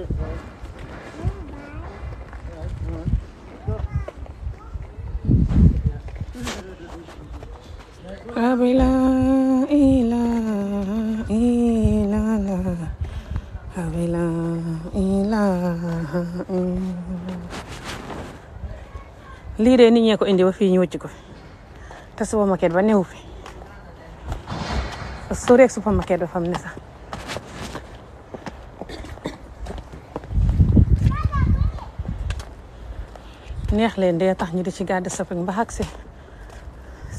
this way. de nit ñee ko indi ba fii ñu wëcc ko te supermarket ba newu fi sori ak supermarket ba fam neex leen dee tax ñu di ci gàddi sapig ba xag si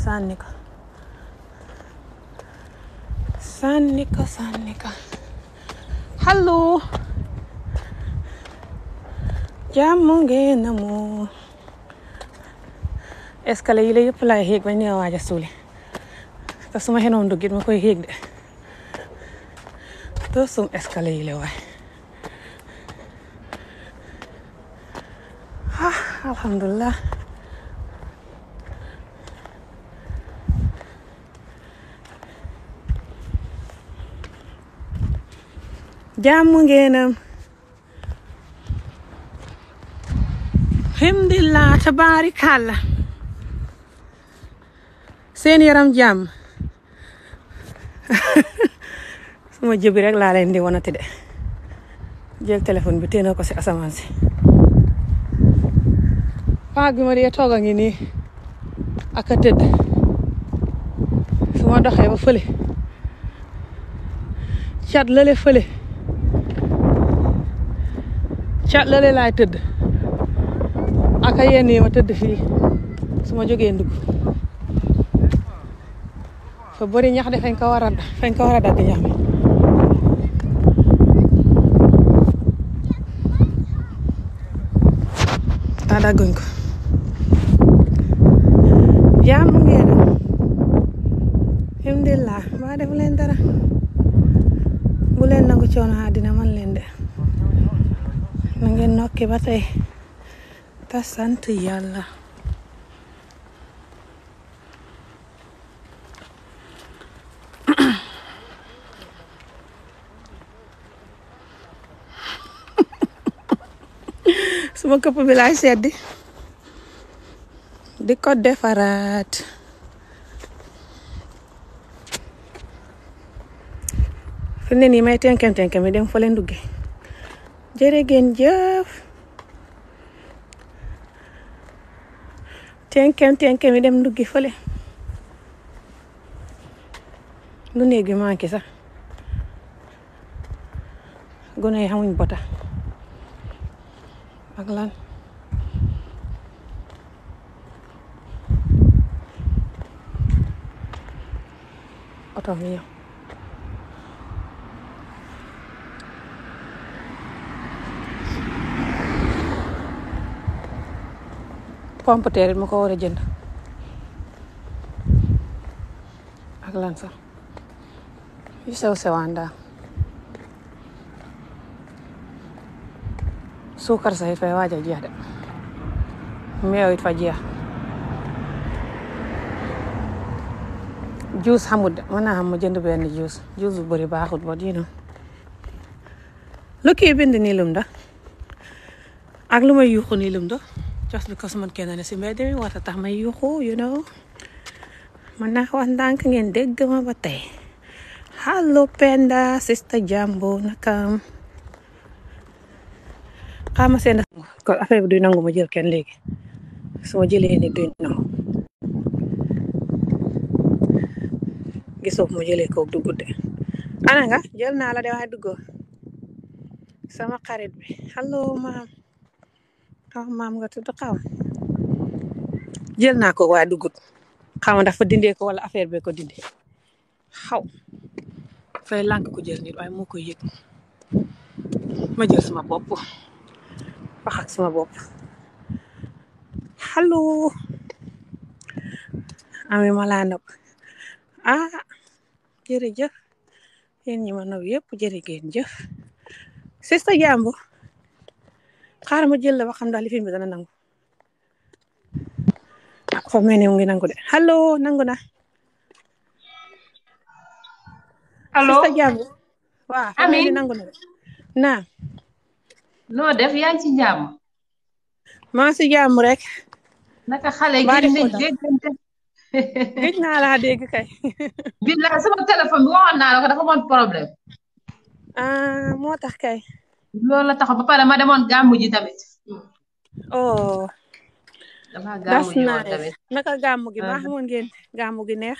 sànni ko sànni ko sànni ko allo jàmm ngeen na mu escalier yi la yëpp laay xéeg bañ nee waaj a suuli te suma xenoon duggit ma koy xéeg de to sum escalier yi la Alhamdulillah. jàmm ngeenam alhamdulillah tabaarikàlla seen yaram jàmm suma jëbi rek laa leen di wanati de jël téléphone bi téena ko si asamaan si paak bi ma dee toog a ngi nii ak tëdd su ma doxee ba fële cat lale fële cat lale laay tëdd ak a ma tëdd fii su ma jógee ndugg fa bëri ñax de fañ ko war a ko war ñax mi daa dagguñ defu leen dara bu leen nangu man leen de na ngeen nokki ba tey te sant yàlla suma këpp bi laay seddi di ko defaraat fi ne nii may tenkem tenkem yi dem fa leen duggee jërë jëf tenkem tenkem yi dem nduggi fële lu néeg bi sax gone yi xamuñ bota ak lan oto mi pompeteer it ma ko war a jënd ak lan sax yu sew sewaan daal suukar sax it fay waaj a jeex de meew it fa jeex juus xamut de mën naa xam ma jënd benn juus juus bu bari baaxut ba diina lu kii bind nii lum da ak lu may yuuxu nii lum da just because man kenn ne si mbedd mi a tax ma yuuxu yu know man naa wax ndànk ngeen dégg ma ba tey allo Penda sista Jambo nakam xaama seen kon affaire bi duy nangu ma jël kenn léegi su ma jëlee ni duy nangu gisoo ma jëlee ko dugg de ana nga jël de waaye duggoo sama xarit bi allo maam xaw mam nga tudd xaw jël naa ko waaye dugut xaw ma dafa dindee ko wala affaire bee ko dindi xaw fay lànk ko jël nit waaye moo ma jël sama bopp wax ak sama bopp allo ami ma laa nopp ah jërëjëf yéen ñi ma nopp yëpp jërë ngeen sista Jambo xaaral ma jël la ba xam ndax li film bi dana nangu ah, foofu mel nangu de allo nangu na. allo sista jàmm waaw nangu na de naa. noo def yaa ngi ci jàmm. maa si jàmm rek. naka xale gi ne déggante. gëj naa laa dégg kay. billaay sama téléphone bi waxoon naa la ko dafa amoon problème. ah moo tax kay. loolu la taxaw ba pare ma demoon gàmmu ji tamit. oh. dama gàmmu ji tamit naka gàmmu gi baax amoon ah. ngeen gàmmu gi neex.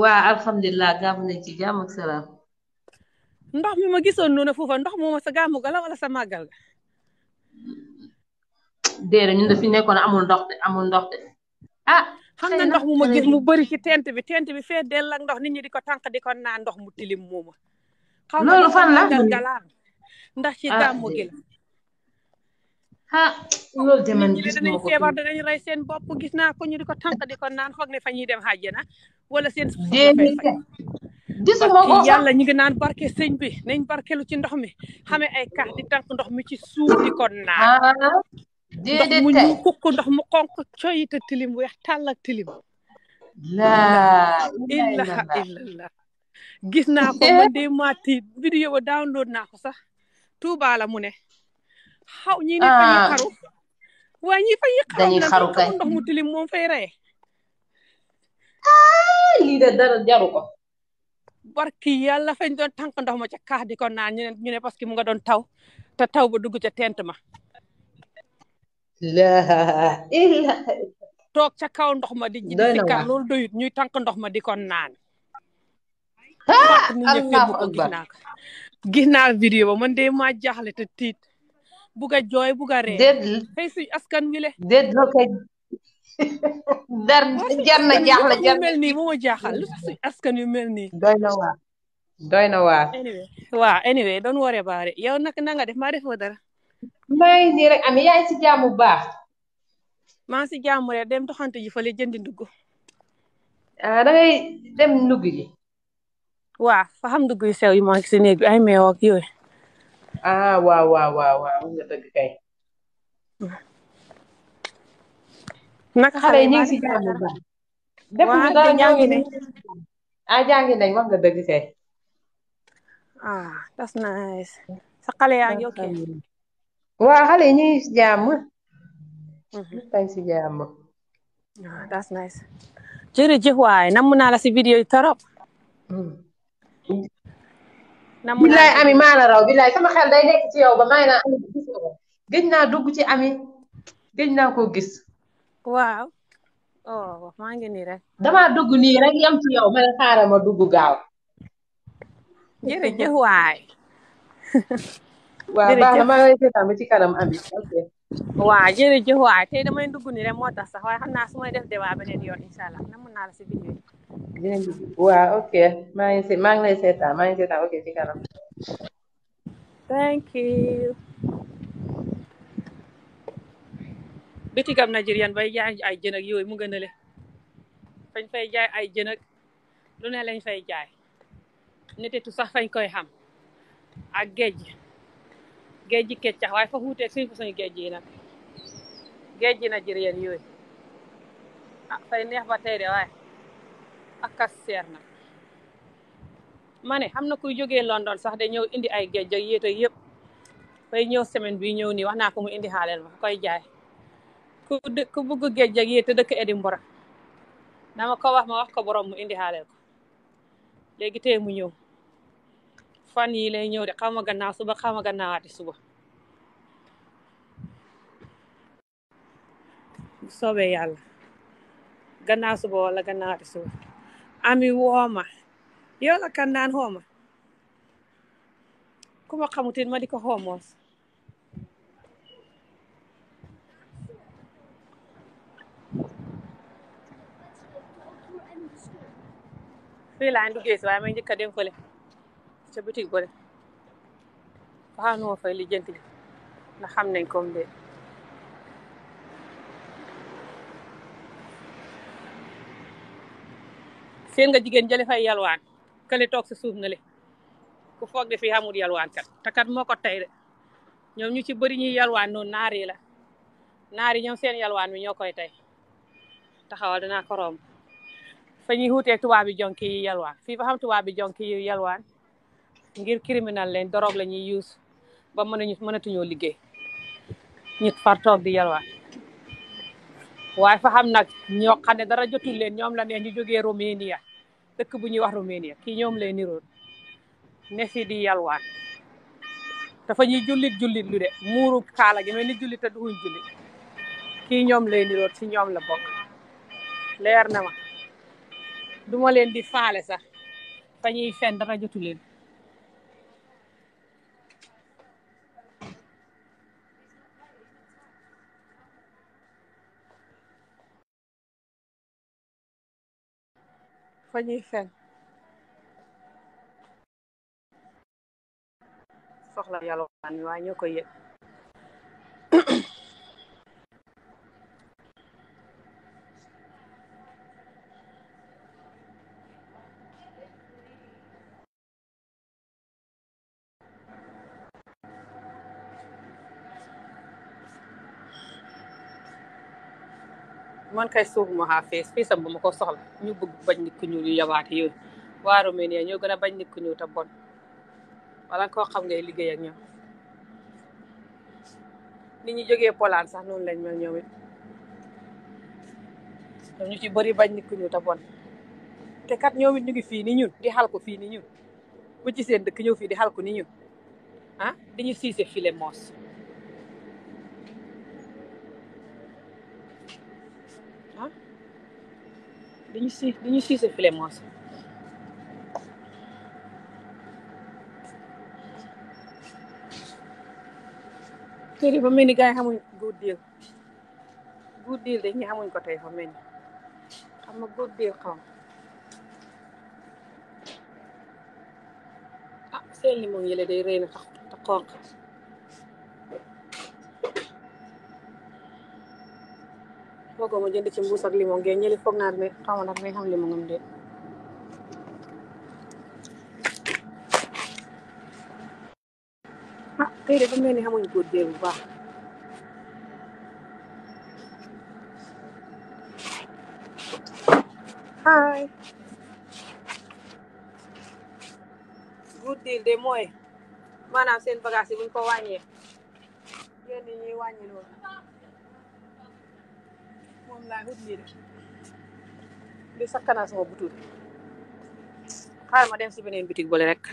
waa alhamdulilah gàmmu nañ ci jàmm ak salaam. ndox mi ma gisoon noonu foofa ndox mooma sa gàmmu gala wala sa màggal ga. déedéet ñun de fi nekkoon amul ndox de amul ndox de ah. xam nga ndox mu ma gis mu bëri ci tent bi tent bi fee dell ak ndox nit ñi di ko tànk di ko naan ndox mu tilim mooma. loolu fan la ndax ci ah, gàmmu gi la ah loolu de man gis danañ rey seen bopp gis naa ko ñu di ko tànk di ko naan foog ne fa ñuy dem àjjana wala seen gisuma ko yàlla ñu ngi naan barke sëñ bi nañ barkelu ci ndox mi xamee ay ka di tànk ndox mi ci suuf di ko naan ah, ndox mu ñu kukk ndox mu xonk coyita tilim weex tàll tilim laa ilaha gis naa ko man de ma tiit vidéo download naa ko sax Touba la mu ne. xaw ñi ne fa ah. ñuy xaru. waaye ñi fa ñuy xaru dañuy xaru kay ndox mu tilim moom fay rey. lii de dara jaru ko. barki yàlla fañ doon tànk ndox ma ca kaax di ko naan ñu ne ñu ne parce que mu nga doon taw te taw ba dugg ca tent ma. toog ca kaw ndox ma di. doy na waar loolu doyut ñuy tànk ndox ma di ko naan. ah allahu akbar gis naa vidéo man de ma jaaxle tit tiit buga jooy buga ree xëy suñ askan wi le déet la dar jar na jar mel nii moo ma jaaxal lu tax suñ askan yu mel nii doy na wa doy na waar waaw anyway doon ware baare yow nag na nga def maa defoo dara may nii rek am yay si jaamu baax maa si jaamu rek dem doxante ji fale jëndi ndugg ah da dem ndugg waaw fa xam dugg sew yi moo si néeg bi ay meew ak yooyu. ah waaw waaw waaw waaw nga dëgg kay. naka xale yi ngi si jàmm ba. def ñu dara jàngi ah, dëgg kay. ah that's nice. sa xale yaa ngi ok. waaw xale yi ñu ngi si jàmm. Mhm. ñu si jàmm. ah that's nice. jërëjëf waay namm naa si vidéo yi torop. Mm. billaay ami maa la raw billaay sama xel day nekk ci yow ba may naa ami gis nga ko naa dugg ci ami gëj naa koo gis waaw oh maa ngi nii rek dama dugg nii rek yam ci yow ma ne xaaral ma dugg gaaw jërëjëf waay waaw baax na ci kanam ami waaw jërëjëf waay tey damay dugg nii rek moo tax sax waaye xam naa su may def débat beneen yoon incha allah na mën naa la si biir waaw ok maa ngi si maa ngi lay seetaan maa ngi seetaan ok ci kanam thank you bitigam Nigerian bay jaay ay jën ak yooyu mu gën a fañ fay jaay ay jënag ak lu ne lañ fay jaay netetu sax fañ koy xam ak géej géej gi keccax waaye fa xuuteeg suñ fa suñu géej yi nag géej gi Nigerian yooyu ah fay neex ba tey waaye ak kas seer na ne am na kuy jóge London sax de ñëw indi ay gejja ak yépp yëpp bay ñëw semaine bi ñëw nii wax naa ko mu indi xaaleel ma koy jaay ku ku bugg géej ak yéet dëkk Edinburgh dama ko wax ma wax ko borom mu indi xaaleel ko léegi tey mu ñëw fan yi lay ñëw de xawma gannaaw suba xawma gannaawaati suba soobee yàlla gannaaw suba wala gannaawaati suba ami wooma yola kandaan hooma kuma xamutin ma di ko homoos fii laa duggee si waaye may njëkk a dem fële ca bitig bële waxaa nu ma fay lijjanti na xam nañ comme de seen nga jigéen jële fay yalwaan kële toog sa suuf na le ku foog ne fii amul yalwaan kat te moo ko tey de ñoom ñu ci bari ñuy yalwaan noonu naar yi la naari yi ñoom seen yalwaan bi ñoo koy tey taxawal danaa ko romb fa ñuy xuutee tubaab bi jonki yi yalwaan fii ba xam tubaab bi jonki yi yalwaan ngir criminal leen dorog la ñuy use ba mën a ñu mënatuñoo liggéey ñit far toog di yalwaan waaye fa xam nag ñoo dara jotul ñoom la ne ñu jógee Romania dëkk bu ñuy wax Roumanie ki ñoom lay niroon ne fi di yalwaan dafa ñuy jullit jullit lu de muuru kaala gi mel ni jullit te duuñ jullit kii ñoom lay niroon ci ñoom la bokk leer na ma duma leen di faale sax te ñuy fen dara jotu leen fa ñuy fen soxla yàlla waan waaye koy yëg man kay suuf ma xaa fees fiisam bu ma ko soxla ñu bëgg bañ nit ñu ñuul yu yabaate yooyu waa ñoo gën a bañ nit ñu ñuul te bon wala koo xam ngay liggéey ak ni nit ñi jógee Poland sax noonu lañ mel ñoom ñu ci bari bañ nit ñu ñuul te bon kat ñoom ñu ngi fii ni ñun di xal ko fii ni ñun bu ci seen dëkk ñëw fii di xal ko ni ñun ah di ñu siise file moos dañu si dañu siise Clémence kër yi fa mel ni gars yi xamuñ good deal good deal de ñi xamuñ ko tey mel ni xam nga good deal xam ah seen limon yële day rëy na te foogoo ma ci mbuus ak limon ngeen ñëli foog naa ne xaw ma ndax may xam limon am déet ah tey dafa mel ni xamuñ góor bu baax hi good deal de mooy maanaam seen bagage yi buñ ko wàññee yéen ñi ñuy loolu moom laay wut nii de di sakkanaa sama butul xaaral ma dem si beneen bitig boole rek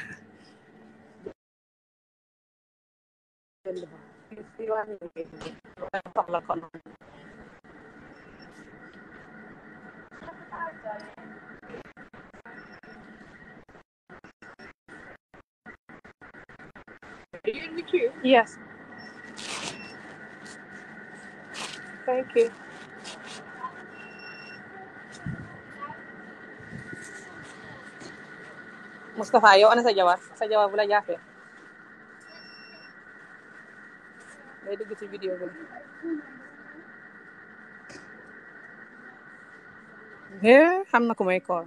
Are you in the queue? Yes. Thank you. Moustapha yow ana sa jabar sa jabar bu la jaafee day dugg ci vidéo bi é xam na ku may kool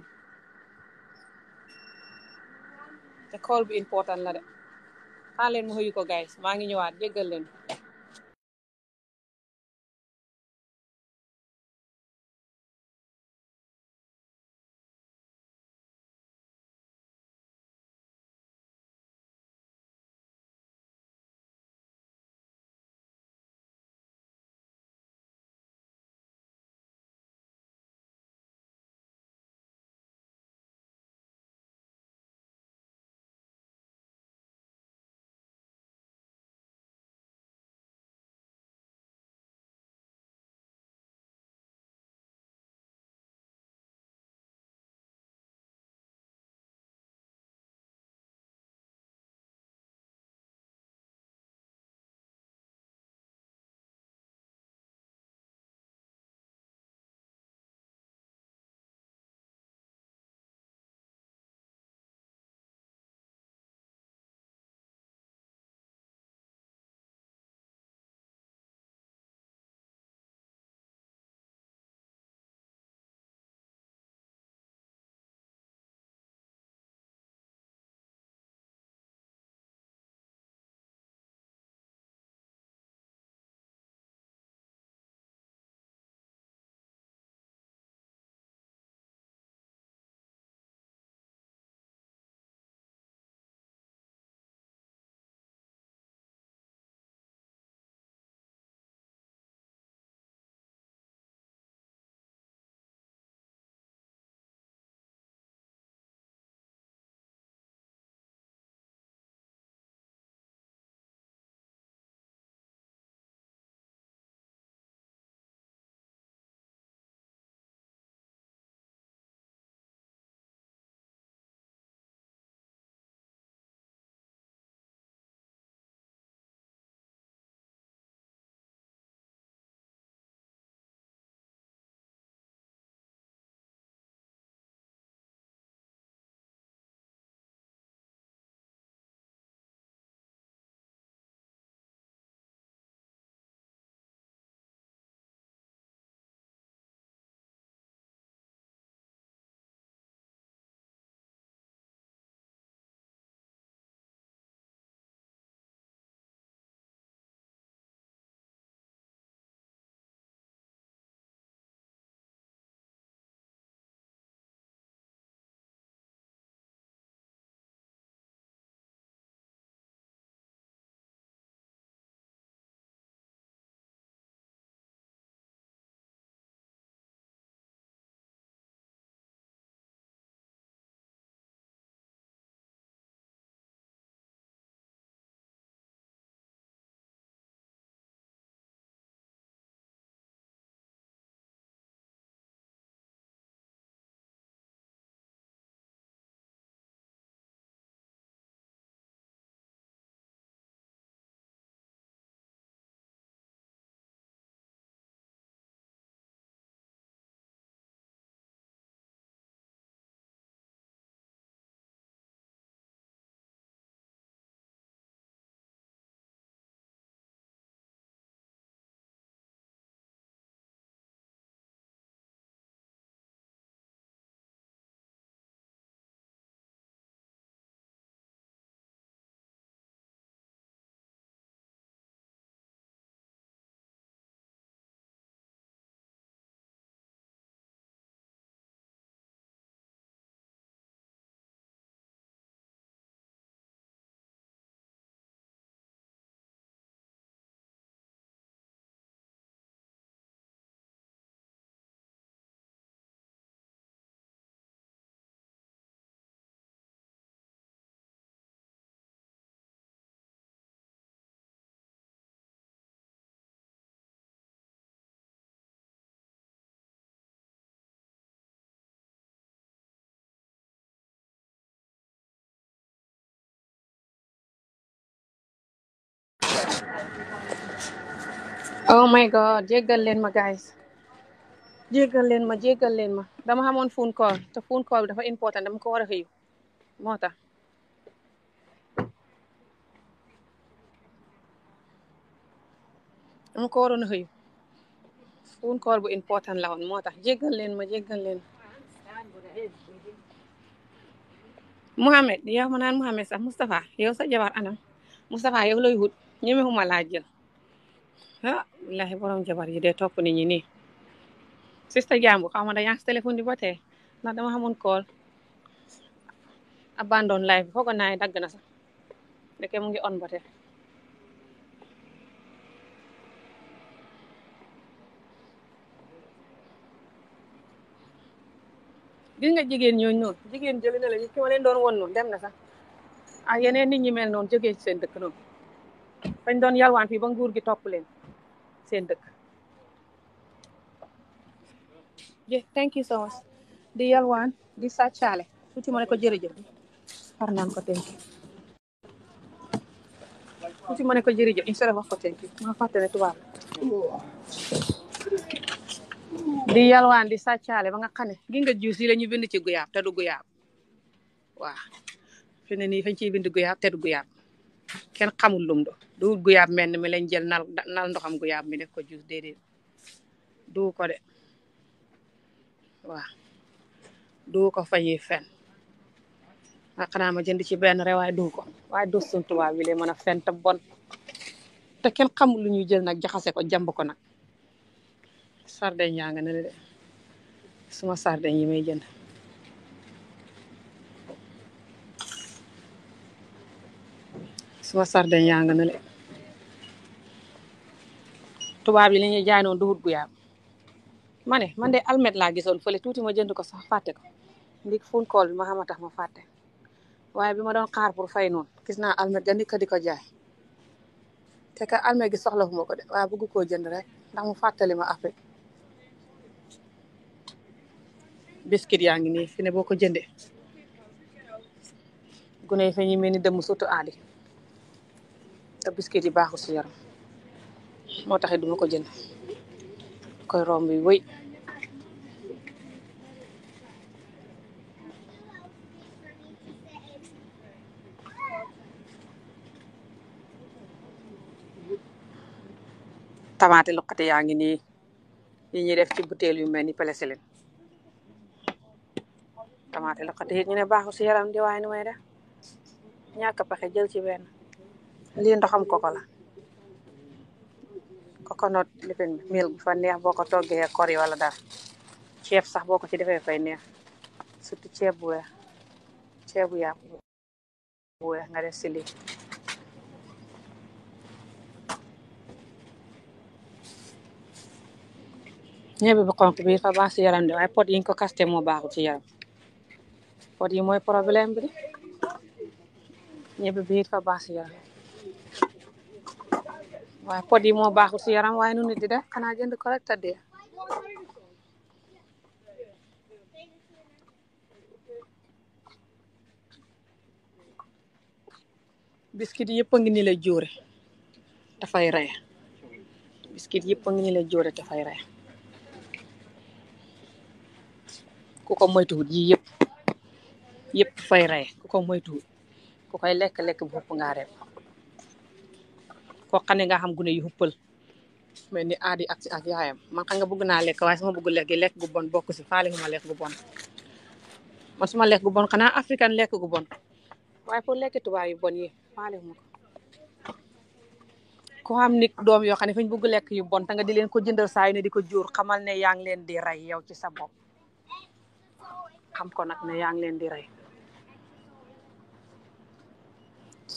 te kool bi important la de xaar leen mu xëyu ko guys maa ngi ñëwaat jéggal leen oh my god jéggal leen ma guys jéggal leen ma jéggal leen ma dama xamoon phone call te phone call bi dafa important dama ko war a xëyu moo tax dama ko waroon a xëyu phone call bu important la woon moo tax jéggal leen ma jéggal leen Mouhamed yow ma naan Mouhamed sax Moustapha yow sa jabar anam Moustapha yow looy wut ñemexuma laa jël ah wallahi borom jabar yi de topp nit ñi nii sista jàmbu xaw ma da yaa ngi di ba tey ndax dama xamoon kool abandon live foogo naay dagg na sax ndeke mu ngi on ba tey gis nga jigéen ñooñu noonu jigéen jëli na la ki ma leen doon won dem na sax ak ah, yeneen nit ñi mel noonu jógee ci seen dëkk noonu dañ doon yalwaan fii ba nguur gi topp leen seen dëkk jë thank you so di yalwaan di sàccaale su ci ma ko jërëjëf xar naan ko thank you su ci ma ko jërëjëf instead of wax ko thank you ma fàtte ne di yalwaan di sàccaale ba nga xam ne gi nga juus bind ci guyaab te du guyaab waaw fi ne nii fañ ciy bind guyaab te du guyaab kenn xamul lum do duwut guyaab menn mi lañ jël nal nal ndoxam guyaab mi def ko jus déedéet du ko de waaw duwu ko fañuy fen a ah, xanaa ma jënd ci benn rek du ko waaye du suñ tubaab bi lay mën a fen te bon te kenn xamul lu ñuy jël nag jaxase ko jàmb ko nag sardeñ yaa nga ne de suma sardeñ yi may jënd ma sarden yaa nga le tubaab yi li ñuy jaay noonu duhut guyaab ma ne man de almet laa gisoon fële tuuti ma jënd ko sax fàtte ko ndik fun kool ma xam a tax ma fàtte waaye bi ma doon xaar pour fay noonu gis naa almet ga ndikka di ko jaay te ka almet gi soxla fu ma ko de waaye bëgg koo jënd rek ndax mu fàttali ma Afrique biscuit yaa ngi fi ne boo ko jëndee gune yi fa ñuy mel ni dëmm surtout aadi te biscuit yi baaxul si yaram moo taxit duma ko jënd ko romb yi wëy tamaate loqati yaa ngi nii yi ñuy def ci butéel yu mel ni pénicilline tamaate loqati yi ñu ne baaxul si yaram di waaye nu may def ñàkk a pexe jël ci ween lii ndoxam koko la coconut lipin mil fa neex boo ko toggee kori wala dara ceeb sax boo ko ci defee fay neex surtout ceeb bu weex ceeb bu yàpp bu weex nga def si lii ñebe bu xonq bi fa baax si yaram de waaye pot yi ko kaste moo baaxul ci yaram yi mooy problème bi de ñebe bi it fa baax si yaram waaye pot yi moo baaxul si yaram waaye nu nit di def xanaa jënd ko rek biskit yëpp a ngi ni jóore dafay rey biskit yëpp a ngi ni la jóore dafay rey ku ko moytuwut yi yëpp yëpp fay ree ku ko moytuwut ku koy lekk-lekk bu ëpp ngaa reeb ko xane nga xam gune yu xuppal mais ni aadi ak ak yaayam man xam nga bëgg naa lekk waaye sama bëgg lekk gi lekk gu bon bokk si faale ma lekk gu bon man suma lekk gu bon xanaa africain lekk gu bon waaye pour lekk tubaab yu bon yi faale ma ko ko xam ni doom yoo xam ne fañ bëgg lekk yu bon ta nga di leen ko jëndal saay ne di ko jur xamal ne yaa ngi leen di rey yow ci sa bopp xam ko nag ne yaa ngi leen di rey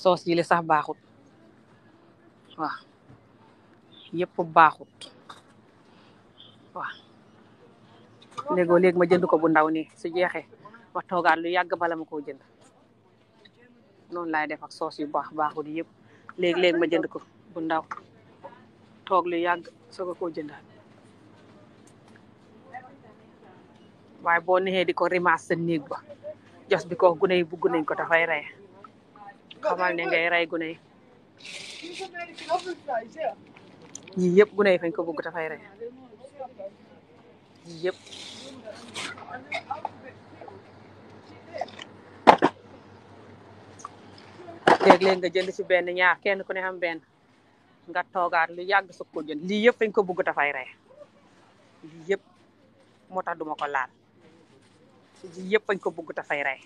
soos yi sax baaxut waaw yëpp baaxut waaw léegoo léegi ma jënd ko bu ndaw ni si jeexe ma toogaat lu yàgg bala ma koo jënd noonu laay def ak soos yu baax baaxut yëpp léeg léeg ma jënd ko bu ndaw toog lu yàgg soog a koo jëndaat waaye boo neexee di ko rimaas sa néeg ba jos bi ko gune yi bugg nañ ko dafay rey xamal ne ngay rey gune yi yii yëpp gune yi fañ ko bëgg dafay rey yii yëpp nga jënd ci benn ñaar kenn ku ne xam benn nga toogaat lu yàgg su ko jënd lii yëpp fañ ko bëgg dafay rey lii yëpp moo tax duma ko laal lii yëpp fañ ko bëgg dafay rey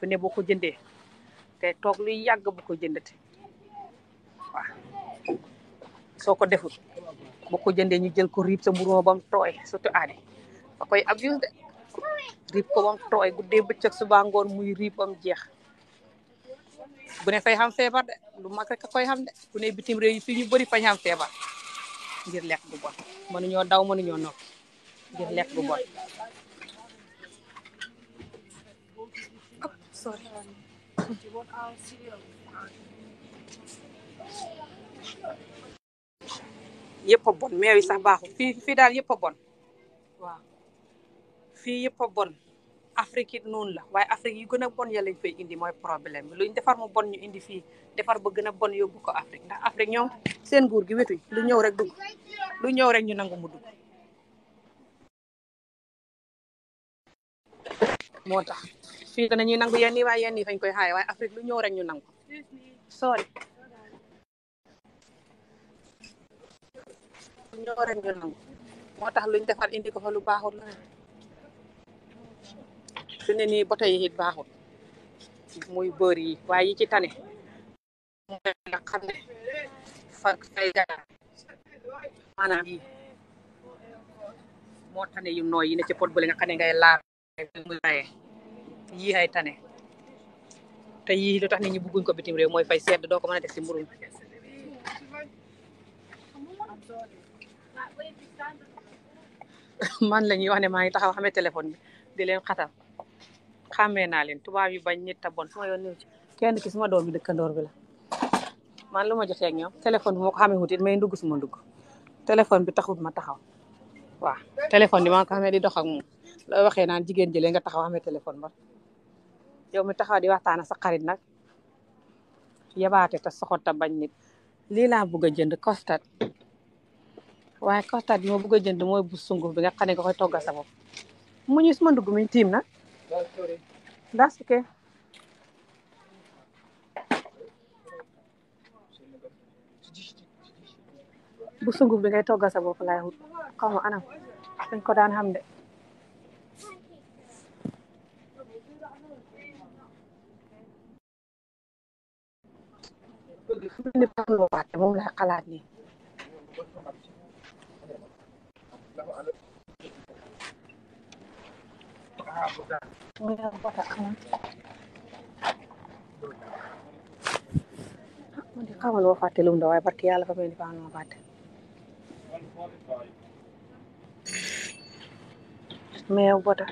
bu boo ko jëndee te toog lu yàgg bu ko jëndate soo ko deful boo ko jëndee ñu jël ko riib sa mburu bam tooy surtout aade da koy abuse de riib ko ba tooy guddee bëccëg suba ngoon muy riib ba jeex bu ne fay xam feebar de lu mag rek a koy xam de bu bitim réew yi ñu bari fañ xam feebar ngir lekk bu bon mënuñoo daw mënuñoo noppi ngir yëpp a bon meew yi sax baaxul fii fii daal yëpp a bon waaw fii yëpp a bon Afrique it noonu la waaye Afrique yi gën a bon ya lañ indi mooy problème bi luñ defar mu bon ñu indi fii defar ba gën a bon yóbbu ko Afrique ndax Afrique ñoom seen nguur gi wetuñ lu ñëw rek dugg lu ñëw rek ñu nangu mu dugg moo tax fii danañuy nangu yenn yi waaye yenn yi fañ koy xaaye waaye Afrique lu ñëw rek ñu nangu sorry lu ñëw rek ñu moo tax luñ defar indi ko fa lu baaxul la su ne nii boto yi it baaxul muy bër yi waaye yi ci tane ta nga xam ne fa fay ganaar maanaam yi moo tane yu nooy yi ne ci pot bële nga xam ne ngay laal muy rayee te yii lu tax nit ñi bugguñ ko bitim réew mooy fay sedd doo ko mën a def si mburum man la ñuy wax maa ngi taxaw xame téléphone bi di leen xatal xàmmee naa leen tubaab yu bañ nit ta bon suma yoon ñëw ci kenn ki suma doom bi dëkkandoor bi la man lu ma jotee ak ñoom téléphone bi moo ko xamee wutit may ndugg suma bi taxut ma taxaw waaw téléphone bi maa di dox waxee naan jigéen jëlee nga taxaw xamee téléphone ba yow mi taxaw di waxtaan sa xarit nag yabaate ta soxot ta bañ nit lii laa bëgg a jënd kostat waaye kastaat bi ma bëgg jënd mooy bu sunguf bi nga xam ne nga koy togga sa bopp mu ñu suma ndugg mi tiim na that's bu sunguf bi ngay togga sa bopp laay wut anam dañ ko daan xam de ni moom laa xalaat nii man de xamal ma fàtte lum da waaye barke yàlla fa mel ni faa ma fàtte meew bota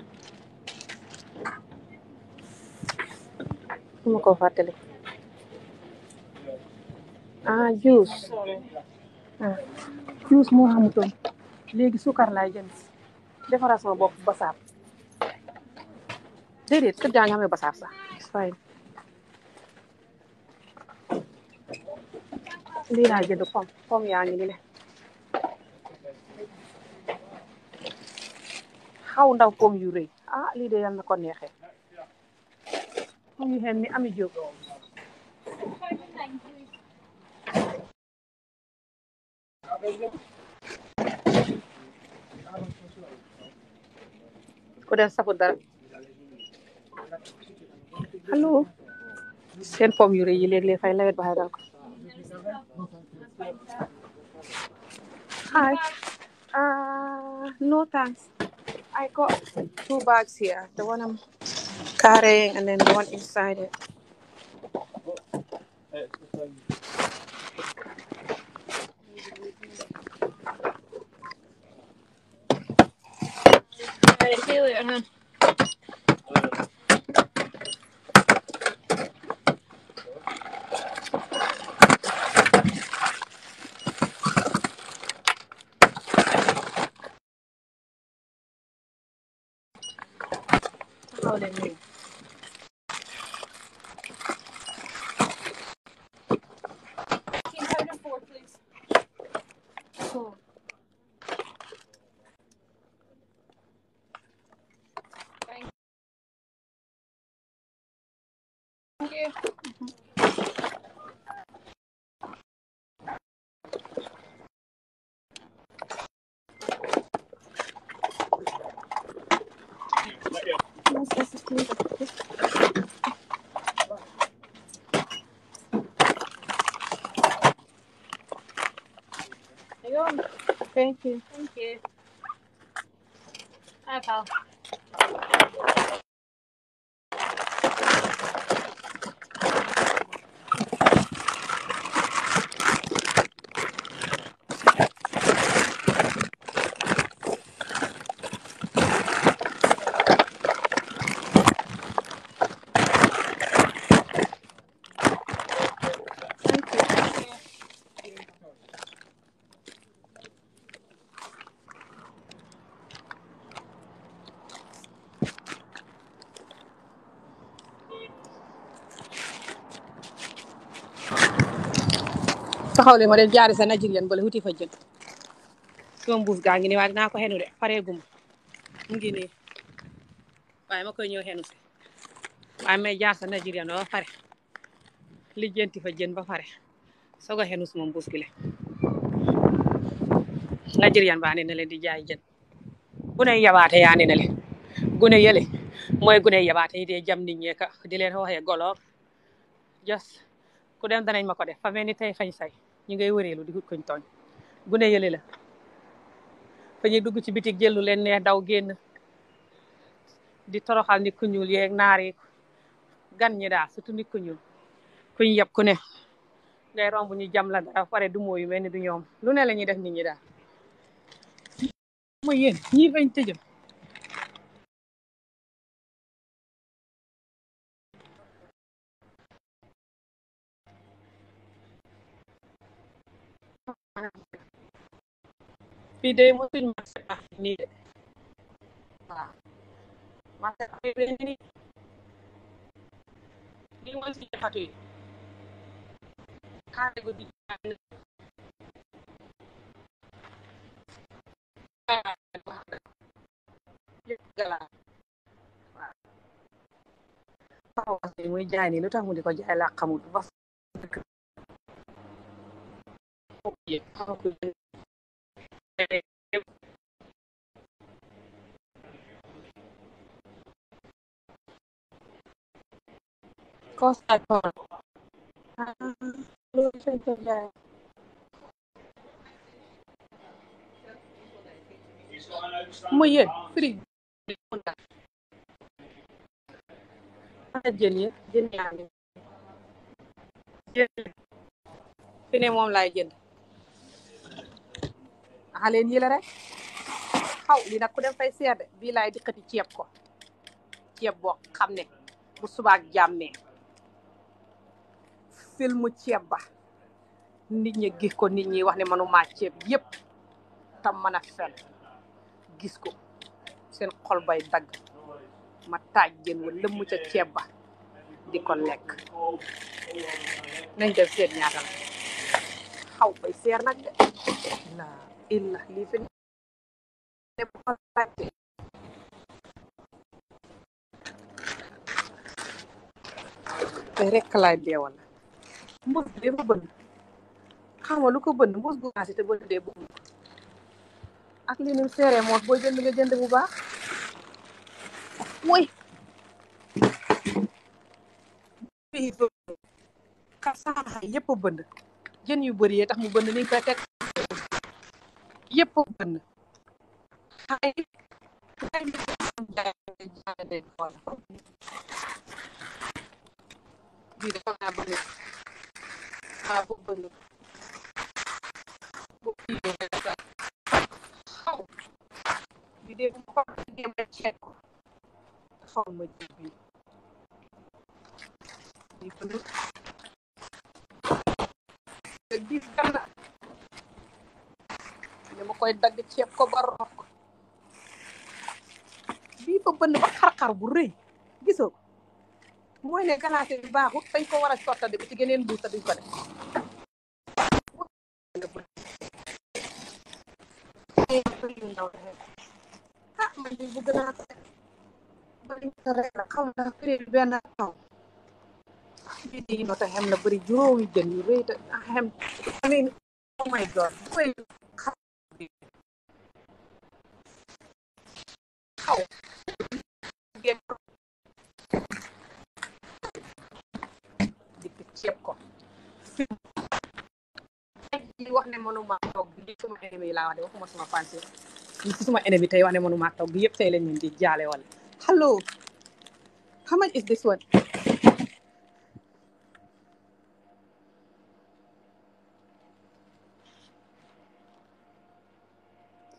ma ko fàttali ah juus juus moo xamutoon léegi sukar laay jënd defara sama bopp basaab déedéet kër jaa ngi amee basaab sax lii laa jënd pom pom yaa ngi ni le xaw ndaw pom yu rëy ah lii de yal na ko neexee pom yu xem ni jóg ku def safu dara allo seen pomme yu rëy yi léeg-léeg fay ba xay dal hi uh, no thanks I got two bags here the one I'm carrying and then one inside it uh-huh. Thank you. Thank you. Hi, pal. taxawle ma dem jaari sa Nigerian bala wuti fa jën sama mbuus gaa ngi nii waaye dinaa ko xenu de pareegum mu ngi waaye ma koy ñëw xenu si waaye may jaar sa Nigerian ba pare lijjanti fa jën ba pare soog a xenu sama mbuus gi le Nigerian baa nee na leen di jaay jën gune yabaate yaa nee na gune yële mooy gune yabaate yi dee jam nit ka di leen waxee goloor jos ku dem danañ ma ko def fa mel ni tey fañ say ñu ngay wëreelu di këñ tooñ gune yële la fa ñuy dugg ci bitik jël leen neex daw génn di toroxal nit ku ñuul yeeg naar gan ñi daa surtout nit ku ñuul kuñ yeb ku ne ngay romb ñu jam la dara pare du mooyu mel ni du ñoom lu ne la ñuy def nit ñi daa mooy yéen ñii fañ tëjëm fii de mosuñ marché pax yi nii de waaw marché pax yi leen nii lii mooy suñu xatu yi xaare guddi muy jaay nii lu tax mu di ko jaay laa xamul ba Cosa con. Ah, lo sento bene. Moye, frig. Ana jën yi jën yaa ngi. Jën. Fi axa leen yi la rek xaw li nag ku dem fay seede bii laay dikkati ceeb ko ceeb boo xam ne bu subaak jàmmee filmu ceeb ba nit ñi gis ko nit ñi wax ne mënu maa ceeb yépp tam mën a fen gis ko seen xol bay dagg ma taaj jën wa lëmm ceeb ba di ko lekk nañ dem seet ñaata xaw bay seer nag de illa li fi ne bu ko fàtte te rekk laay deewal mbuus bënn xam nga lu ko bënn mbuus gu naasi te bënn dee bënn ak li nim seeree moos boo jënd nga jënd bu baax mooy xar saxaxa bënn jën yu bëri yee tax mu bënn niñ koy teg yëpp gën xay xay bi am jaay jaay day xool bii dafa naa bëgg xaa bu bëgg bu kiiwee dafa xaw bi dee bu ko jéem a ceeb ko xaw bi di bëgg te gis dama koy dagg ceeb ko ba rof bii ba bënn ba xar-xar bu rëy gisoo mooy ne galaase bi baaxut dañ ko war a sottandi bu ci geneen buusa duñ ko def ah man de ko rek xam naa prix benn taw bii di noo ta xem na bëri juróomi jën yu rëy te ah, xem amin oh ceeb ko fi di wax ne mënuma toog bi di suma ennemi laa wax de waxuma suma fansi ñi suma ennemi tey wax ne mënuma toog bi yëpp tey lañ leen di jaale wala hello how much is this one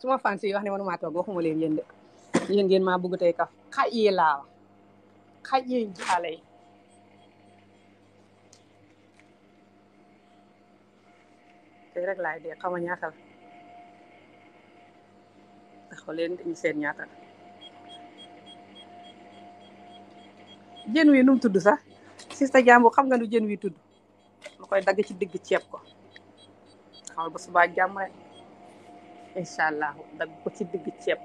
suma fansi yi wax ne mënuma toog waxuma leen yéen de yéen ngeen ma bëgg tey kaf xaj yi laa wax xaj yi jaale yi tey rek laay dee xama ñaata leen seen ñaata la jën wi nu tudd sax si sa jàmbu xam nga nu jën wi tudd lu koy dagg ci digg ceeb ko xamal ba subaa jàmm rek incha allah dagg ci digg ceeb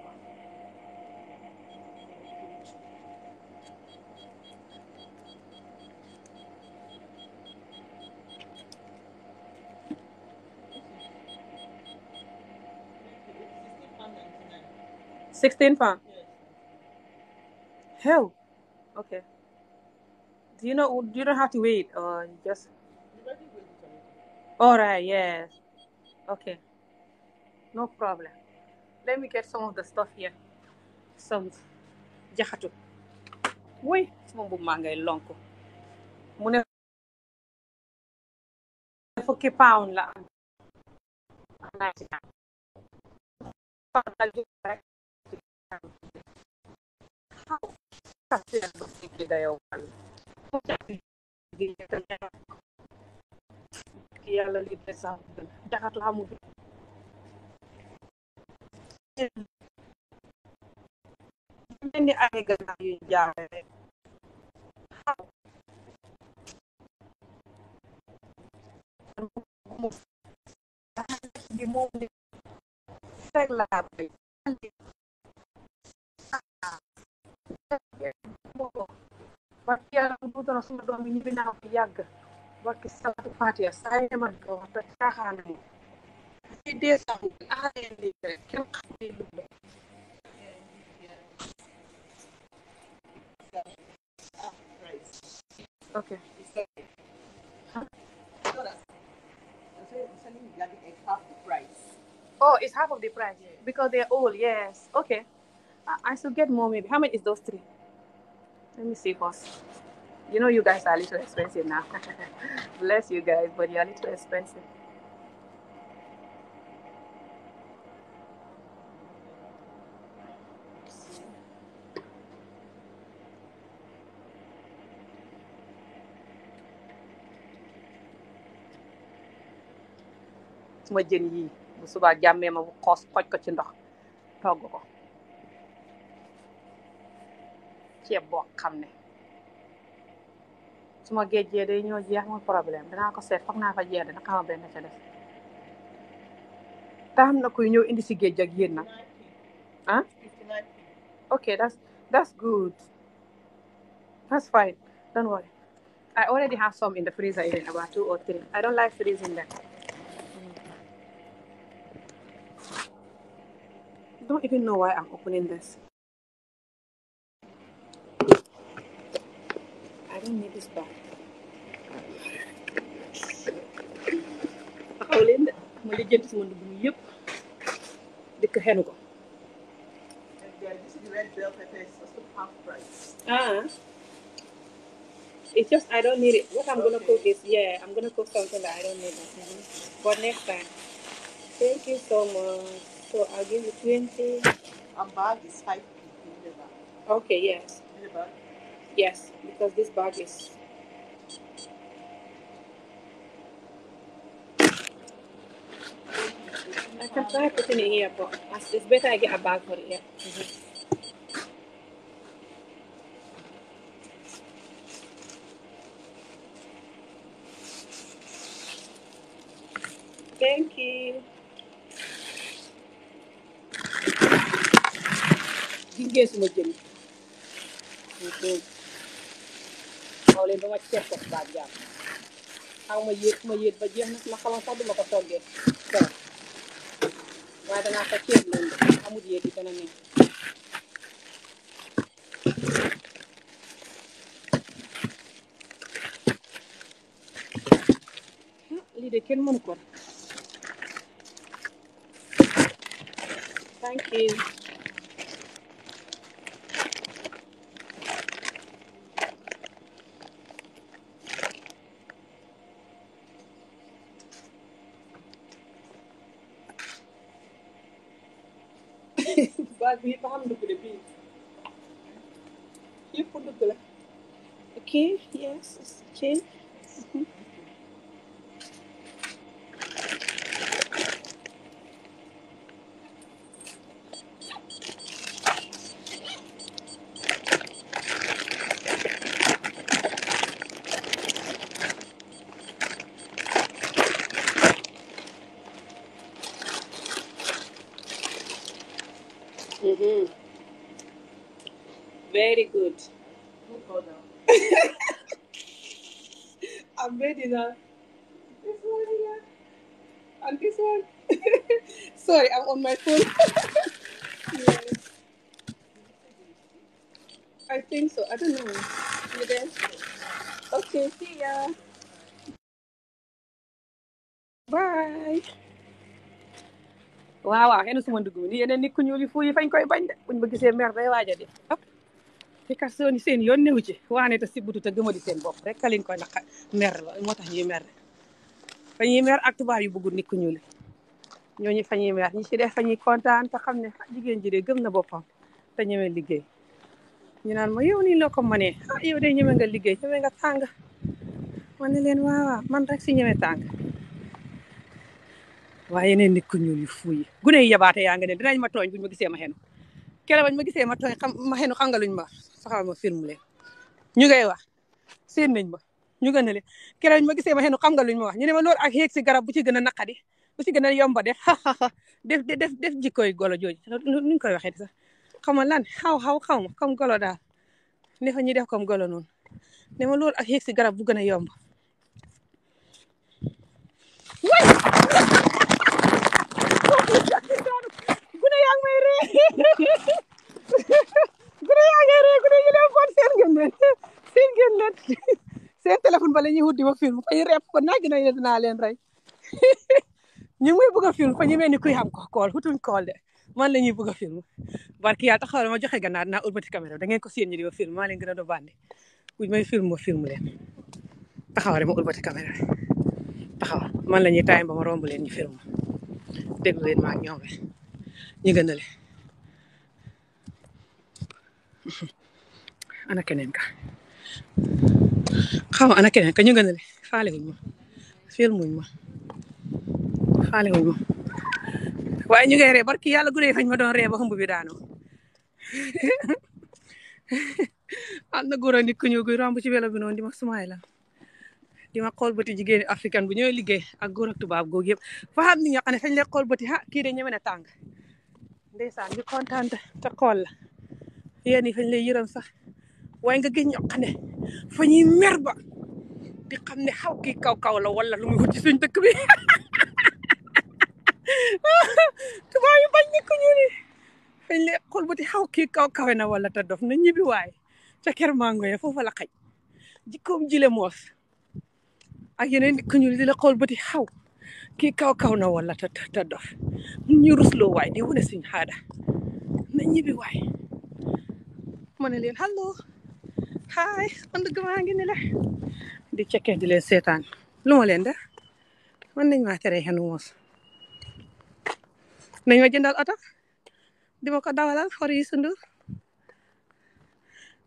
16 pounds? Yes. Hell. Okay. Do you know, you don't have to wait or just. All yes. Okay. No problem. Let me get some of the stuff here. Some jaxatu. Wait, sama mbubb maa ngay Mu ne fukki pound la am. facendo sempre da Elvalo. ki yàlla li descend jaxat la amul mel ni ay gannaaw yu jaare rek xaw mu moom ni rek laa bay barki yàlla buutara suma doom bi ñibbi naa ko yàgg barki salatu fatiha saa yi man ko wax te caaxaana mo si dee sax aareen lii rek kenn xam ne lu la ok oh, it's half of the price because they're old. Yes. Okay. I, I should get more maybe. How much is those three? Let me see first. You know, you guys a little expensive now. Bless you guys, but you're a little expensive. suma jën yii bu subaa jàmmee ma bu xoos xoj ko ci ndox togg ko ceeb boo xam ne su ma géejee day ñëw jeex mooy problème danaa ko seet foog naa fa jeex dana xama benn ca def te xam na kuy ñëw indi si géej ak yéen nag ah ok that's good that's fine don't worry I already have some in the freezer even about two or three I don't like freezing them I Unidos Ba taxaw leen de ma lijjanti sama ndugg mi yëpp dikk xenu ko ah it's just I don't need it what I'm gonna cook is yeah I'm gonna cook something I don't need that for next time thank you so much so twenty a bag is five people okay yes in a Yes, because this bag is. I can try putting it here, but it's better I get a bag for it. Yeah. Mm -hmm. Thank you. Yes, Mujim. Okay. xaw leen ba ma ceeb ko baaj jaam xaw ma yéet ma yéet ba jeex na ma xamoon sax duma ko toggee keroog waaye danaa ceeb loolu amul yéet yi dana neex lii de kenn mënu ko thank you ak yi ba xam du Mm-hmm. Very good. good I'm ready now. This Sorry, I'm on my phone. I think so. I don't know. You there? Okay, see ya. waaw waaw xëy na suma mi ni yeneen nit ku ñuul yi fu yi fañ koy bañ de buñ ma gisee mer day waaja de te personne yi seen yoon newu ci waane te sibbutu te gëmadi seen bopp rek kaliñ koy naqa mer la moo tax ñuy mer fañuy mer ak tubaab yu bëggul nit ku ñi fañ fañuy mer ñi ci def fañuy kontaan te xam ne jigéen ji de gëm na boppam te ñemee liggéey ñu naan ma yow nii loo ko mënee ah yow de ñeme nga liggéey ñeme nga tàng man ne leen waaw waaw man si ñeme tàng waaye yeneen nit ku ñuul yu fuuy gune yi yabaate yaa nga ne dinañ ma tooñ buñ ma gisee ma xenu kele bañ ma gisee ma tooñ xam ma xenu xam nga luñ ma saxal ma film ñu ngay wax seen nañ ma ñu gën a leen kele ma gisee ma xam nga luñ ma wax ñu ne ma loolu ak garab bu ci gën a naqadi bu ci gën a yomba def def def def jikkooy golo jooju nuñ koy waxee sax xam nga lan xaw xaw xaw ma comme golo daal ñuy def comme noonu ne ma loolu ak yéeg si garab bu gën a yomb ñuy wut di ma film fa ñu ko nag na ne dinaa leen rey ñu ngi bëgg a film fa ñu mel ni kuy xam ko kool xutuñ kool de man la ñuy bëgg a film barki yàlla taxawal ma joxe gànnaar naa urbati caméra da ko séen ñu di ma film maa leen gën a do bandi kuñ may film ma film leen taxawal ma urbati caméra taxaw man la ñuy taay ba ma romb leen ñu film déglu leen ma ak ñoom le ana keneen ka xaw ma ana ka ñu gën a le faale wuñ ma feel muñ ma faale wuñ ma waaye ñu ngay ree barki yàlla gudee fañ ma doon ree ba xumb bi daanu am na góor a nit ku ñëw guy ci welo bi noonu di ma sumaay la di xool bëti jigéen africaine bu ñëwee liggéey ak góor ak tubaab googu yëpp fa xam ni ñoo xam ne fañ leen xool ha kii de ñeme na tàng ndeysaan ñu kontaan te xool la yéen yi fañ lay yërëm sax waaye nga gis ñoo xam ne fa di xam ne xaw kii kaw-kaw la wala lu muy wut ci suñ dëkk bi tubaab yu bañ ni ko fañ le xool bu ti xaw kii kaw-kawe na wala ta dof na ñibbi waay ca ker mango ya foofa la xaj jikkoom jile moos ak yeneen ku ñuul di la xool ba ti xaw kii kaw-kaw na wala te te dof ñu rusloo waay di wane suñ xaada na ñibbi waay ma leen allo xaay man dëgg ni la di cekkee di leen seetaan lu ma leen man nañ maa tere xenu moos nañ ma jëndal oto di ma ko dawalal xor yi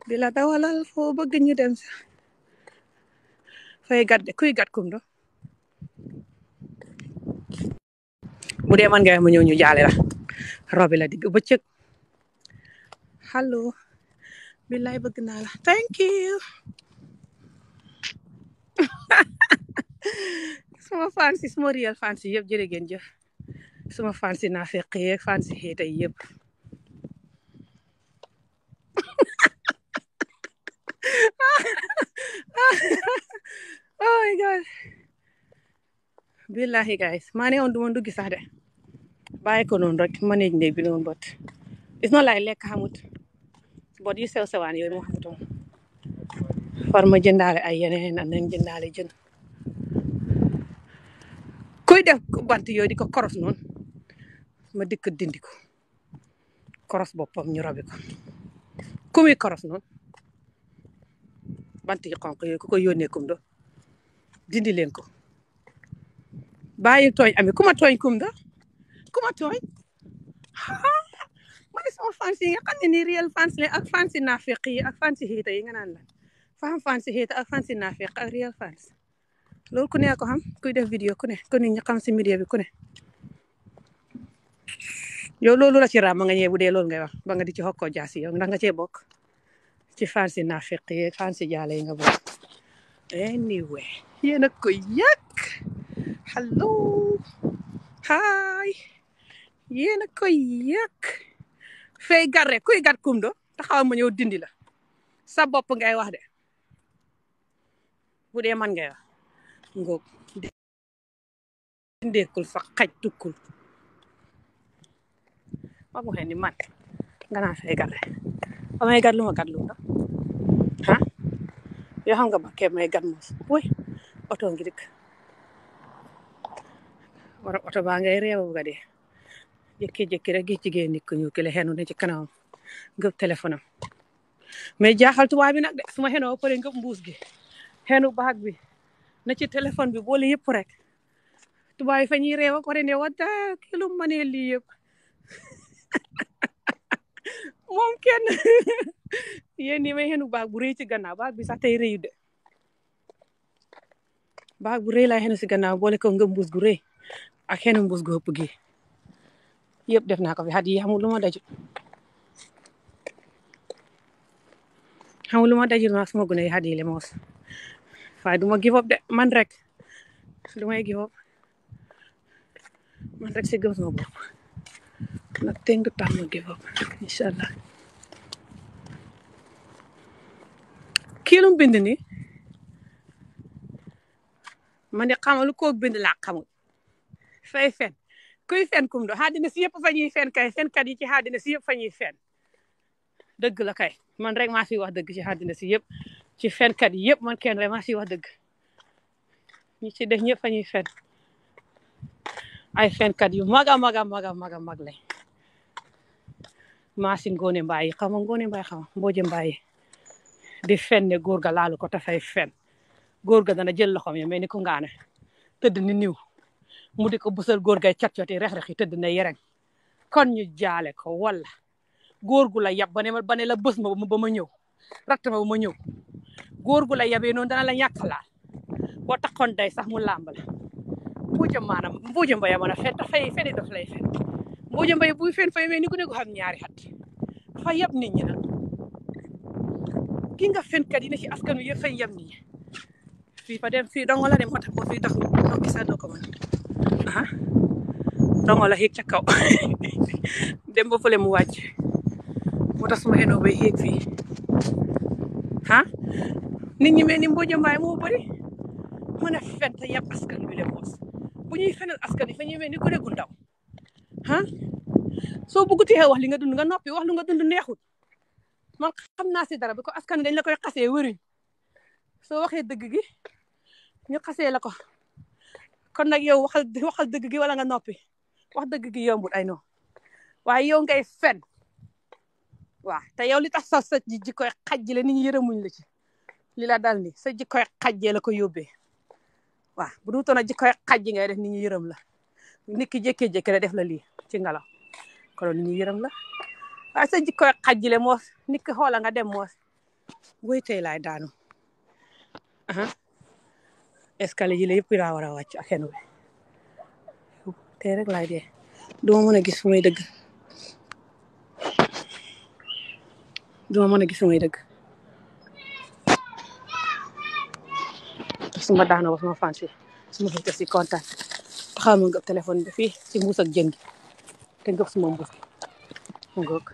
di la dawalal foo bëgg ñu dem sax fay de kum do bu dee man nga ma ñëw ñu jaale la robi la digg bëccëg billaay bëgg naa la thank you suma fansi suma réel fansi yëpp jërë ngeen suma fansi naafeq yeeg fansi xeeta yi yëpp oh my god billahi guys maa de bàyyi ko noonu rek manage néeg bi noonu bot it's not like lekk xamut bot yu sew sewaan yooyu moo xamutoon far ma jëndaale ay yeneen am nañ jëndaale jën kuy def bant yooyu di ko koros noonu ma dikk dindi ko koros bopom ñu robi ko ku muy koros noonu bant yi xonq yooyu ku ko yónnee kum dindi leen ko bàyyi tooñ ami ku tooñ kum do ku ma mooy sama fans ak fans yi naafiq nga naan la faam fans yi ak fans yi ak real fans loolu ku ne ko xam kuy def vidéo ku ne ku nit ñi xam si média bi ku ne yow loolu la ci raam nga ñëw bu dee loolu ngay wax ba nga di ci xokkoo jaasi yow ndax nga cee bokk ci fans yi naafiq yi ak fans jaale yi nga bokk anyway yéen a ko yàq fay gar rek kuy gat kum do taxaw ma ñëw dindi la sa bopp ngay wax de bu dee man ngay wax ngoog dindeekul fa xaj tukkul ma waxee ni man nga naan fay gar rek ba may gat lu ma gat lu do ah yoo xam nga ba kee may gat wuy oto ngi dikk war oto baa ngay réewa buga dee jékki-jékki rek gis ci nit ku ñuul ki la xenu ne ci kanamam gëb téléphone am mais jaaxal tubaab bi nag de suma xenoo pare ngëb mbuus gi xenu baag bi na ci téléphone bi boole yëpp rek tubaab yi fa ñuy réew ak pare ne wata ki lu ma nee lii yëpp moom kenn yéen ni may xenu bu rëy ci gannaaw baag bi sax tey rëyu de baag bu rëy laa xenu si gannaaw boole ko ngëb mbuus gu rëy ak xenu mbuus gi yëpp def naa ko fi at yii xamul lu ma daju xamul lu ma gune yi at yii la moos de man rek du may give up man rek si gëm sama bopp nag tey allah kii lu mu bind nii man de xamalu ko bind laa kuy fen kum do xaadina si yëpp fa ñuy fen kay yi ci xaadina si yëpp fa ñuy fen dëgg la kay man rek maa fi wax dëgg ci xaadina si yëpp ci fenkat yi yëpp man kenn rek maa wax dëgg ñi ci def ñëpp fa ñuy fen ay fenkat yu maga maga maga maga mag lañ maa si ngoone mbaay yi xama ngoone mbaay xama mbooje di fen ne góor ga laalu ko tafay fen góor ga dana jël loxoom ya mel ni ku ngaane tëdd ni niw mu di ko bësal góor gay catcoti rex-rex yi tëdd na yereŋ kon ñu jaale ko wala góor gu la yab ba ne ma la bës ma ba ma ñëw ratt ma ba ma ñëw góor gu la yabee noonu dana la ñàkk laal boo taxoon day sax mu làmb la mbuuja maanaam mbuuja mbay mën a fen te fay feni daf lay fen mbuuja mbay buy fen fay mel ni ku ne ko xam ñaari xat dafa yab nit ñi nag ki nga fenkat yi ne ki askan wi yëpp fañ yab nit ñi fii fa dem fii dong la dem moo tax boo fii dox doo gisa ko ah dongo la yéeg ca kaw dem ba fële mu wàcc moo tax suma enoo bay yéeg fii ah nit ñi mel ni Mbodia Mbaye moo bëri mën a fen te yab askan wi le moos bu ñuy fenal askan yi fa ñuy mel ni ko regu ndaw ah soo bëggutee wax li nga dund nga noppi wax lu nga dund neexul man xam naa si dara bi ko askan dañ la koy xasee wëruñ soo waxee dëgg gi ñu xasee la ko kon nag yow waxal dëgg gi wala nga noppi wax dëgg gi yombul ay noo waaye yow ngay fen waaw te yow li tax sa sa jikkoy xajji la nit ñi yërëmuñ la ci li la dal ni sa jikkoy xajjee la ko yóbbee waaw bu duutoon a jikkoy xajji ngay def nit ñi yërëm la nit ki jékkee-jékkee def la lii ci ngelaw kon nit ñi yërëm la waaye sa jikkoy xajji la moos nit ki nga dem moos wéy tey laay daanu escalier yi la yëpp laa war a wàcc ak xenu bi rek laa dee duma mën a gis fu may dëgg duma mën a gis fu may dëgg suma daanoo ba suma fan suma xëcc si kontaan taxaw ma ngëb téléphone bi fii si mbuus ak jën gi suma mbuus ngoog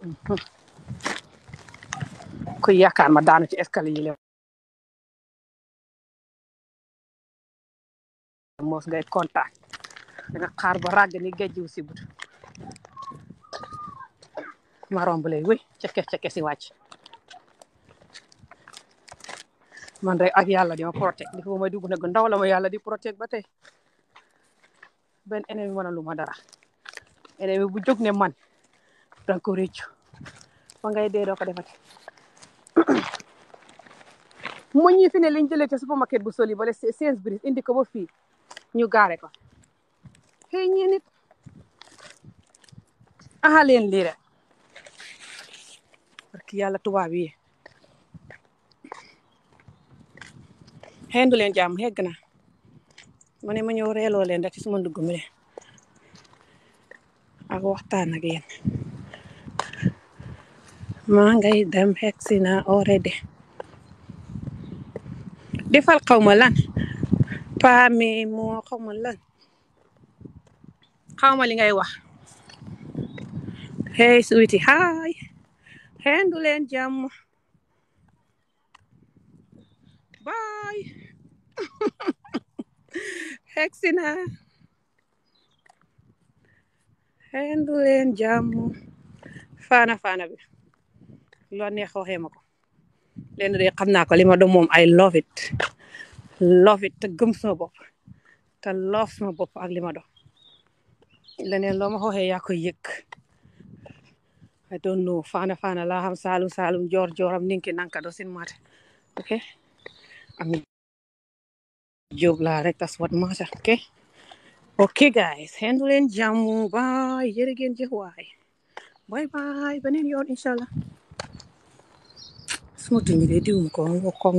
hmm. ko yaakaar ma daanu ci escalier yi moos ngay kontaan danga xaar ba ràgg ni géej si ma romb lay wéy ceke ceke si wàcc man rek ak di ma protect di ko ma dugg nag ndaw la ma yàlla di protect ba tey benn ennemi mën a dara ennemi bu jóg ne man danga ko réccu fa ngay dee doo ko defati mu ñi fi ne liñ jëlee ca supermarket bu bale Sainsbury's indi ko ba fii ñu gaare ko xëy ñi nit axa leen lii yàlla tubaab yi xendu leen jàmm xegg na ma ne ma ñëw reeloo leen rek ci suma ndugg mi ak waxtaan ak yéen maa ngay dem xegg si na already defal xaw ma lan paame moo xawma lan xawma li ngay wax hey suwiti haay xendu leen jàmm baay xegsi na xendu leen jàmm faana faana bi loo neex waxee ma ko de xam naa ko li ma doon I love it love it te gëm sama bopp loof sama bopp ak li ma dox leneen loo ma xooxee yaa koy yëg I don't faana faana laa saalum saalum joor jooram ninki nanka do sin maata ok am jóob laa rek tas wat maata ok ok guys xendu leen jàmm baay jërë ngeen jëf waay bye bye yoon incha allah suma tuñu de diwum ko wo kong